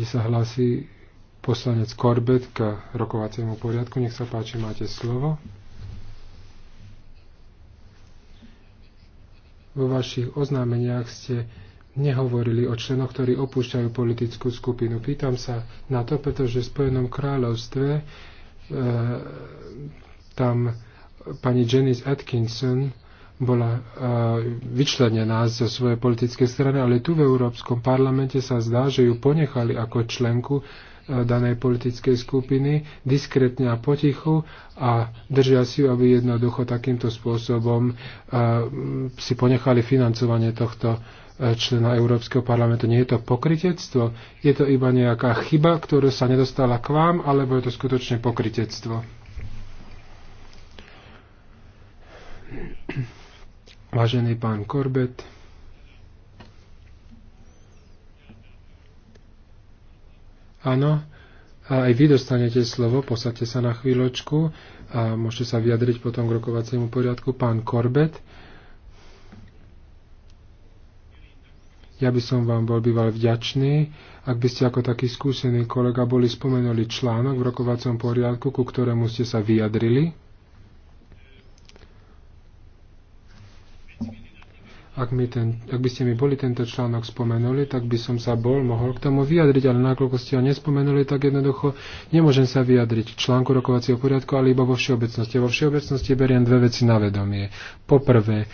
kde sa hlási poslanec Korbet k rokovaciemu poriadku. Nech sa páči, máte slovo. Vo vašich oznámeniach ste nehovorili o členoch, ktorí opúšťajú politickú skupinu. Pýtam sa na to, pretože v Spojenom kráľovstve e, tam pani Janice Atkinson bola e, vyčlenená zo svojej politickej strany, ale tu v Európskom parlamente sa zdá, že ju ponechali ako členku e, danej politickej skupiny diskrétne a potichu a držia si ju, aby jednoducho takýmto spôsobom e, si ponechali financovanie tohto člena Európskeho parlamentu. Nie je to pokritectvo, je to iba nejaká chyba, ktorú sa nedostala k vám, alebo je to skutočne pokritectvo. Vážený pán Korbet, áno, a aj vy dostanete slovo, posadte sa na chvíľočku a môžete sa vyjadriť potom k rokovaciemu poriadku. Pán Korbet, Ja by som vám bol býval vďačný, ak by ste ako taký skúsený kolega boli spomenuli článok v rokovacom poriadku, ku ktorému ste sa vyjadrili. Ak, mi ten, ak by ste mi boli tento článok spomenuli, tak by som sa bol mohol k tomu vyjadriť, ale nakoľko ste ho nespomenuli, tak jednoducho nemôžem sa vyjadriť k článku rokovacieho poriadku, ale iba vo všeobecnosti. Vo všeobecnosti beriem dve veci na vedomie. Poprvé,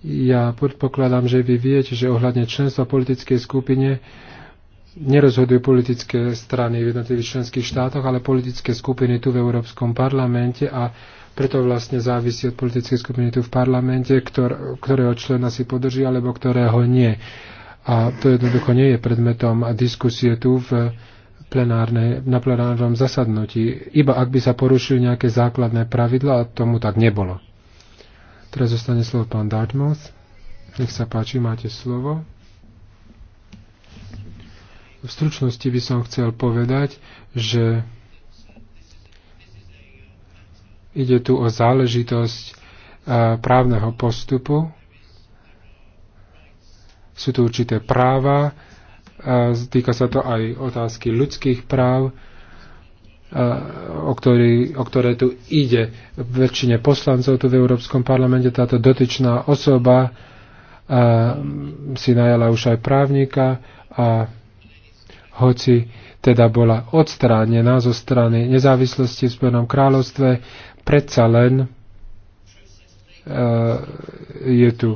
ja predpokladám, že vy viete, že ohľadne členstva politickej skupine nerozhodujú politické strany v jednotlivých členských štátoch, ale politické skupiny tu v Európskom parlamente a preto vlastne závisí od politickej skupiny tu v parlamente, ktor, ktorého člena si podrží alebo ktorého nie. A to jednoducho nie je predmetom diskusie tu v plenárnej, na plenárnom zasadnutí, iba ak by sa porušili nejaké základné pravidla a tomu tak nebolo. Teraz zostane slovo pán Dartmouth. Nech sa páči, máte slovo. V stručnosti by som chcel povedať, že Ide tu o záležitosť e, právneho postupu. Sú tu určité práva, e, týka sa to aj otázky ľudských práv, e, o, ktorý, o ktoré tu ide väčšine poslancov tu v Európskom parlamente. Táto dotyčná osoba si najala už aj právnika a hoci teda bola odstránená zo strany nezávislosti v Spojenom kráľovstve, predsa len uh, je tu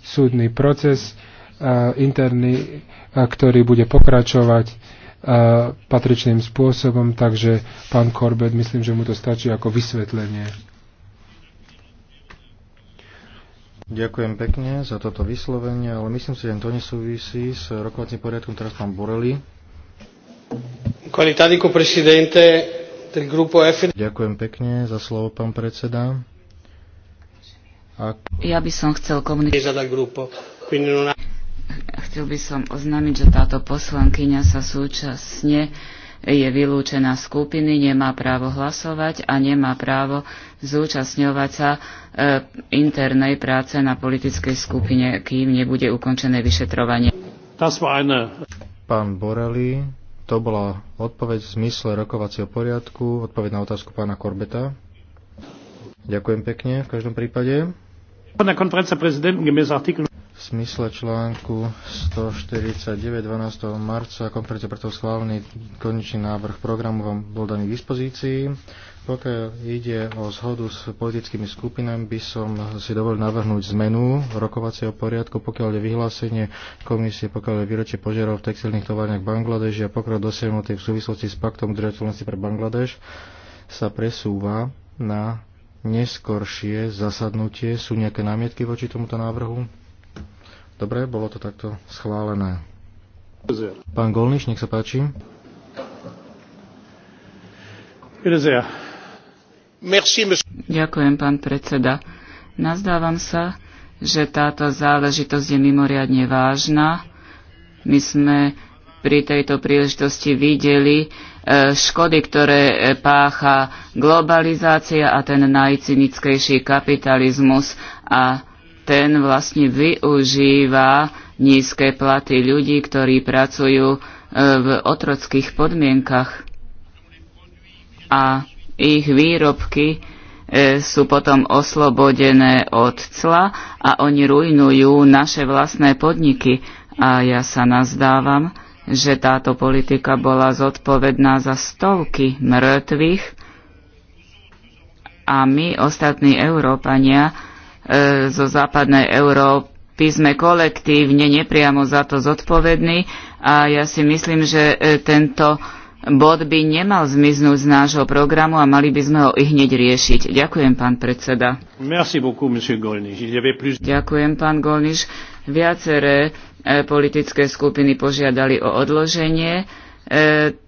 súdny proces uh, interný, uh, ktorý bude pokračovať uh, patričným spôsobom, takže pán Korbet, myslím, že mu to stačí ako vysvetlenie. Ďakujem pekne za toto vyslovenie, ale myslím si, že to nesúvisí s rokovacím poriadkom, teraz pán Borelli. Ďakujem pekne za slovo, pán predseda. A... Ja by som chcel komunikovať. Chcel by som oznámiť, že táto poslankyňa sa súčasne je vylúčená skupiny, nemá právo hlasovať a nemá právo zúčastňovať sa e, internej práce na politickej skupine, kým nebude ukončené vyšetrovanie. Pán Borelli, to bola odpoveď v zmysle rokovacieho poriadku, odpoveď na otázku pána Korbeta. Ďakujem pekne v každom prípade. V smysle článku 149 12. marca konferencia preto schválený konečný návrh programu vám bol daný k dispozícii. Pokiaľ ide o zhodu s politickými skupinami, by som si dovolil navrhnúť zmenu rokovacieho poriadku, pokiaľ je vyhlásenie komisie, pokiaľ je výročie požiarov v textilných továrniach Bangladeš a pokrok dosiahnutý v súvislosti s paktom udržateľnosti pre Bangladeš sa presúva na neskoršie zasadnutie. Sú nejaké námietky voči tomuto návrhu? Dobre, bolo to takto schválené. Pán Golniš, nech sa páči. Ďakujem, pán predseda. Nazdávam sa, že táto záležitosť je mimoriadne vážna. My sme pri tejto príležitosti videli e, škody, ktoré e, pácha globalizácia a ten najcynickejší kapitalizmus a ten vlastne využíva nízke platy ľudí, ktorí pracujú e, v otrockých podmienkach. A ich výrobky e, sú potom oslobodené od cla a oni rujnujú naše vlastné podniky. A ja sa nazdávam, že táto politika bola zodpovedná za stovky mŕtvych a my, ostatní Európania e, zo západnej Európy, sme kolektívne nepriamo za to zodpovední a ja si myslím, že e, tento bod by nemal zmiznúť z nášho programu a mali by sme ho i hneď riešiť. Ďakujem, pán predseda. Merci beaucoup, monsieur Golniš. Plus... Ďakujem, pán Golniš. Viaceré e, politické skupiny požiadali o odloženie e,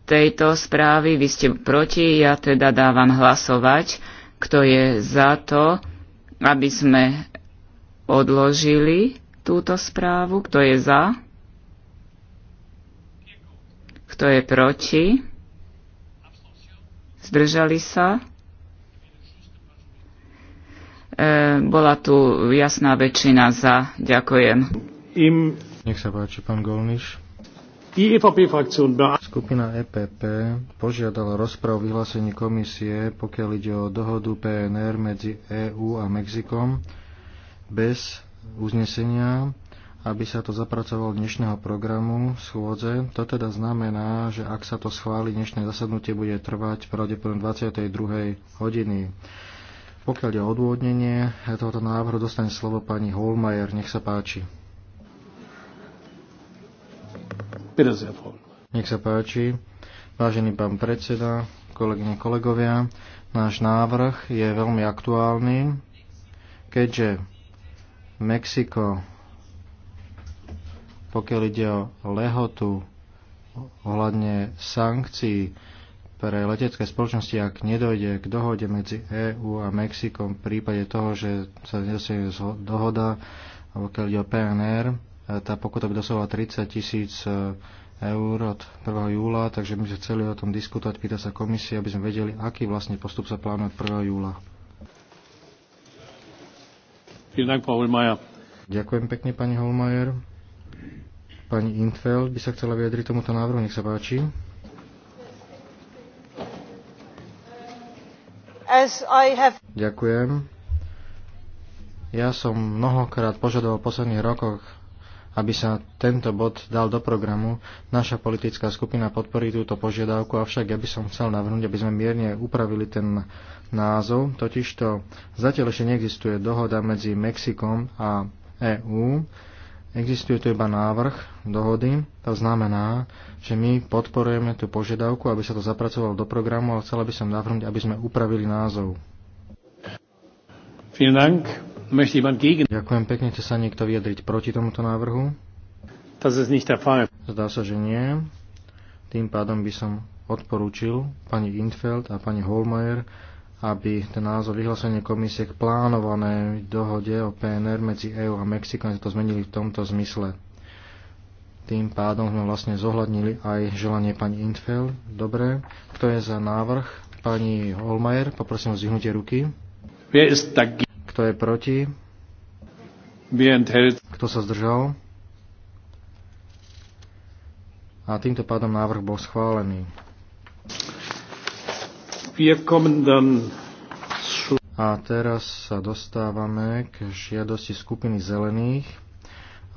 tejto správy. Vy ste proti, ja teda dávam hlasovať, kto je za to, aby sme odložili túto správu, kto je za. Kto je proti? Zdržali sa? E, bola tu jasná väčšina za. Ďakujem. Im... Nech sa páči, pán Golniš. E Skupina EPP požiadala rozprav vyhlásení komisie, pokiaľ ide o dohodu PNR medzi EÚ a Mexikom bez uznesenia aby sa to zapracovalo dnešného programu schôdze. To teda znamená, že ak sa to schváli, dnešné zasadnutie bude trvať pravdepodobne 22. hodiny. Pokiaľ je odvodnenie tohoto návrhu, dostane slovo pani Holmajer. Nech sa páči. Nech sa páči. Vážený pán predseda, kolegyne, kolegovia, náš návrh je veľmi aktuálny, keďže Mexiko pokiaľ ide o lehotu ohľadne sankcií pre letecké spoločnosti, ak nedojde k dohode medzi EÚ a Mexikom v prípade toho, že sa nedosiahne dohoda, alebo keď ide o PNR, tá pokuta by dosahovala 30 tisíc e, eur od 1. júla, takže my sme chceli o tom diskutovať, pýta sa komisia, aby sme vedeli, aký vlastne postup sa plánuje od 1. júla. Ďakujem pekne, pani Holmajer. Pani Infeld by sa chcela vyjadriť tomuto návrhu, nech sa páči. Have... Ďakujem. Ja som mnohokrát požadoval v posledných rokoch, aby sa tento bod dal do programu. Naša politická skupina podporí túto požiadavku, avšak ja by som chcel navrhnúť, aby sme mierne upravili ten názov, totižto zatiaľ ešte neexistuje dohoda medzi Mexikom a EÚ Existuje tu iba návrh dohody, to znamená, že my podporujeme tú požiadavku, aby sa to zapracovalo do programu, ale chcela by som navrhnúť, aby sme upravili názov. Ďakujem pekne, chce sa niekto vyjadriť proti tomuto návrhu? Zdá sa, že nie. Tým pádom by som odporúčil pani Infeld a pani Holmeier, aby ten názov vyhlásenie komisie k plánovanej dohode o PNR medzi EÚ a Mexikom to zmenili v tomto zmysle. Tým pádom sme vlastne zohľadnili aj želanie pani Intfel. Dobre, kto je za návrh? Pani Holmajer, poprosím o zihnutie ruky. Kto je proti? Kto sa zdržal? A týmto pádom návrh bol schválený. A teraz sa dostávame k žiadosti skupiny zelených,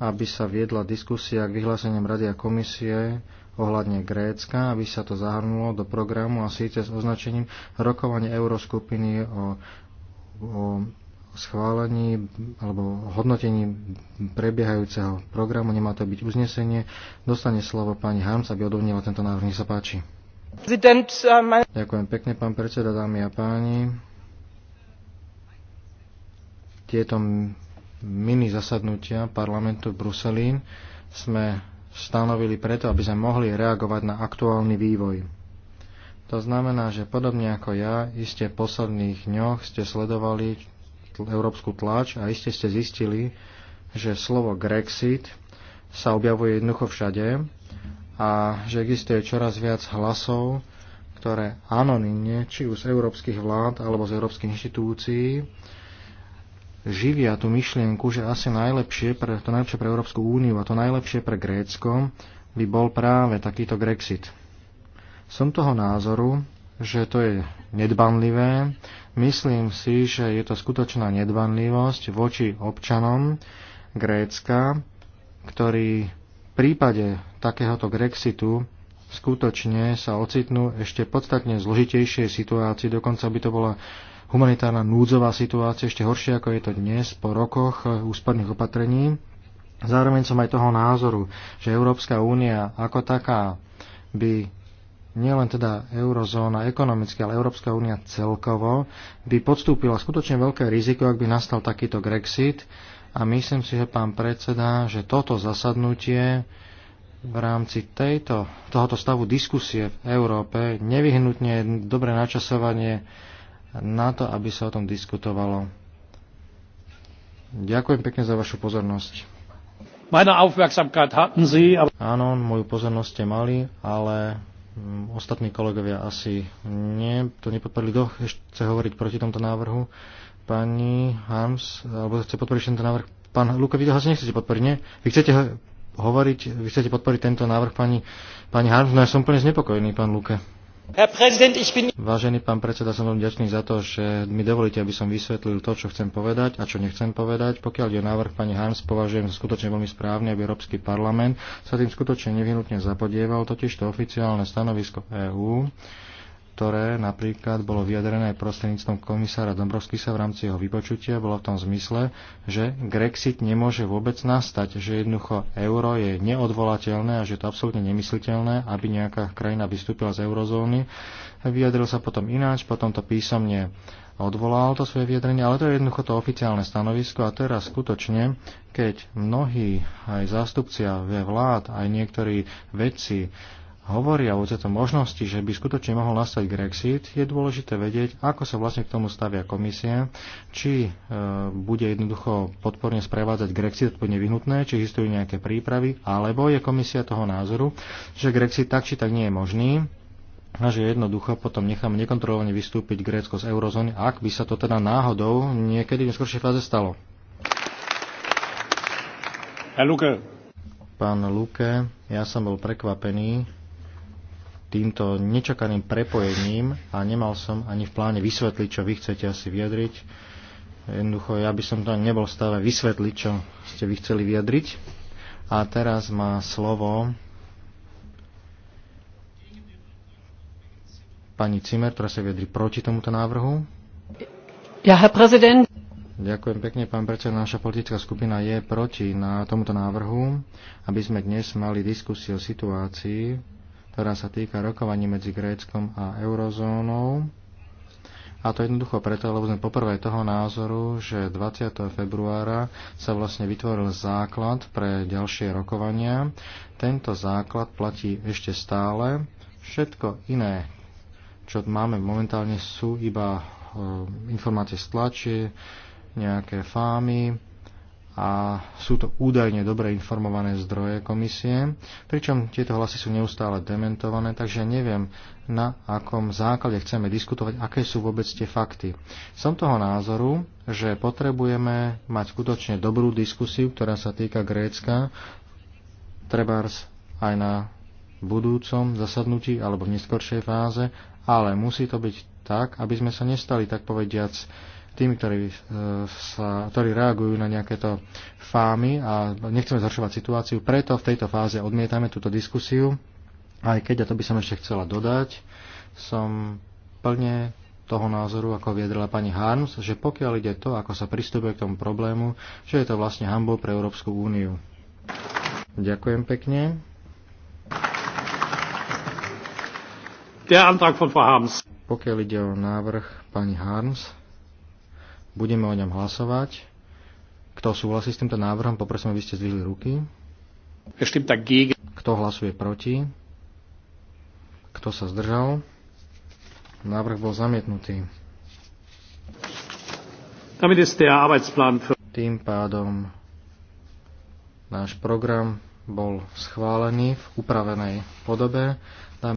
aby sa viedla diskusia k vyhláseniam Rady a komisie ohľadne Grécka, aby sa to zahrnulo do programu a síce s označením rokovanie euroskupiny o, o schválení alebo hodnotení prebiehajúceho programu, nemá to byť uznesenie. Dostane slovo pani Harms, aby odovnila tento návrh. Nech sa páči. Uh, Ďakujem pekne, pán predseda, dámy a páni. Tieto mini zasadnutia parlamentu v Bruseli sme stanovili preto, aby sme mohli reagovať na aktuálny vývoj. To znamená, že podobne ako ja, iste v posledných dňoch ste sledovali európsku tlač a iste ste zistili, že slovo Grexit sa objavuje jednoducho všade a že existuje čoraz viac hlasov, ktoré anonymne, či už z európskych vlád alebo z európskych inštitúcií, živia tú myšlienku, že asi najlepšie pre, to najlepšie pre Európsku úniu a to najlepšie pre Grécko by bol práve takýto Grexit. Som toho názoru, že to je nedbanlivé. Myslím si, že je to skutočná nedbanlivosť voči občanom Grécka, ktorí prípade takéhoto Grexitu skutočne sa ocitnú ešte podstatne zložitejšej situácii, dokonca by to bola humanitárna núdzová situácia ešte horšia, ako je to dnes po rokoch úsporných opatrení. Zároveň som aj toho názoru, že Európska únia ako taká by nielen teda eurozóna ekonomicky, ale Európska únia celkovo by podstúpila skutočne veľké riziko, ak by nastal takýto Grexit. A myslím si, že pán predseda, že toto zasadnutie v rámci tejto, tohoto stavu diskusie v Európe nevyhnutne je dobré načasovanie na to, aby sa o tom diskutovalo. Ďakujem pekne za vašu pozornosť. Meine Aufmerksamkeit hatten Sie, aber... Áno, moju pozornosť ste mali, ale Mm, ostatní kolegovia asi nie, to nepodporili. Kto chce hovoriť proti tomto návrhu? Pani Harms, alebo chce podporiť tento návrh? Pán Luka, vy ho asi nechcete podporiť, nie? Vy chcete hovoriť, vy chcete podporiť tento návrh pani, pani Harms? No ja som úplne znepokojený, pán Luke. Vážený pán predseda, som vám ďačný za to, že mi dovolíte, aby som vysvetlil to, čo chcem povedať a čo nechcem povedať. Pokiaľ je návrh pani Hans, považujem skutočne veľmi správne, aby Európsky parlament sa tým skutočne nevyhnutne zapodieval, totiž to oficiálne stanovisko EÚ ktoré napríklad bolo vyjadrené aj prostredníctvom komisára Dombrovskisa v rámci jeho vypočutia, bolo v tom zmysle, že Grexit nemôže vôbec nastať, že jednoducho euro je neodvolateľné a že je to absolútne nemysliteľné, aby nejaká krajina vystúpila z eurozóny. Vyjadril sa potom ináč, potom to písomne odvolal to svoje vyjadrenie, ale to je jednoducho to oficiálne stanovisko a teraz skutočne, keď mnohí aj zástupcia vlád, aj niektorí vedci hovoria o tejto možnosti, že by skutočne mohol nastať Grexit, je dôležité vedieť, ako sa vlastne k tomu stavia komisia, či e, bude jednoducho podporne sprevádzať Grexit, to vyhnutné, či existujú nejaké prípravy, alebo je komisia toho názoru, že Grexit tak či tak nie je možný, a že jednoducho potom necháme nekontrolovane vystúpiť Grécko z eurozóny, ak by sa to teda náhodou niekedy v neskôršej fáze stalo. Pán Luke, ja som bol prekvapený, týmto nečakaným prepojením a nemal som ani v pláne vysvetliť, čo vy chcete asi vyjadriť. Jednoducho, ja by som to nebol stave vysvetliť, čo ste vy chceli vyjadriť. A teraz má slovo pani Cimer, ktorá sa vyjadri proti tomuto návrhu. Ja, herr prezident. Ďakujem pekne, pán predseda. Naša politická skupina je proti na tomuto návrhu, aby sme dnes mali diskusiu o situácii, ktorá sa týka rokovaní medzi Gréckom a eurozónou. A to jednoducho preto, lebo sme poprvé toho názoru, že 20. februára sa vlastne vytvoril základ pre ďalšie rokovania. Tento základ platí ešte stále. Všetko iné, čo máme momentálne, sú iba e, informácie z tlači, nejaké fámy, a sú to údajne dobre informované zdroje komisie, pričom tieto hlasy sú neustále dementované, takže neviem, na akom základe chceme diskutovať, aké sú vôbec tie fakty. Som toho názoru, že potrebujeme mať skutočne dobrú diskusiu, ktorá sa týka Grécka, trebárs aj na budúcom zasadnutí alebo v neskoršej fáze, ale musí to byť tak, aby sme sa nestali, tak povediac, tými, ktorí, e, sa, ktorí reagujú na nejaké to fámy a nechceme zhoršovať situáciu. Preto v tejto fáze odmietame túto diskusiu, aj keď, a to by som ešte chcela dodať, som plne toho názoru, ako viedrela pani Harms, že pokiaľ ide to, ako sa pristupuje k tomu problému, že je to vlastne hambou pre Európsku úniu. Ďakujem pekne. Der Antrag von Frau Harms. Pokiaľ ide o návrh pani Harms, Budeme o ňom hlasovať. Kto súhlasí s týmto návrhom, poprosím, aby ste zdvihli ruky. Kto hlasuje proti? Kto sa zdržal? Návrh bol zamietnutý. Tým pádom náš program bol schválený v upravenej podobe.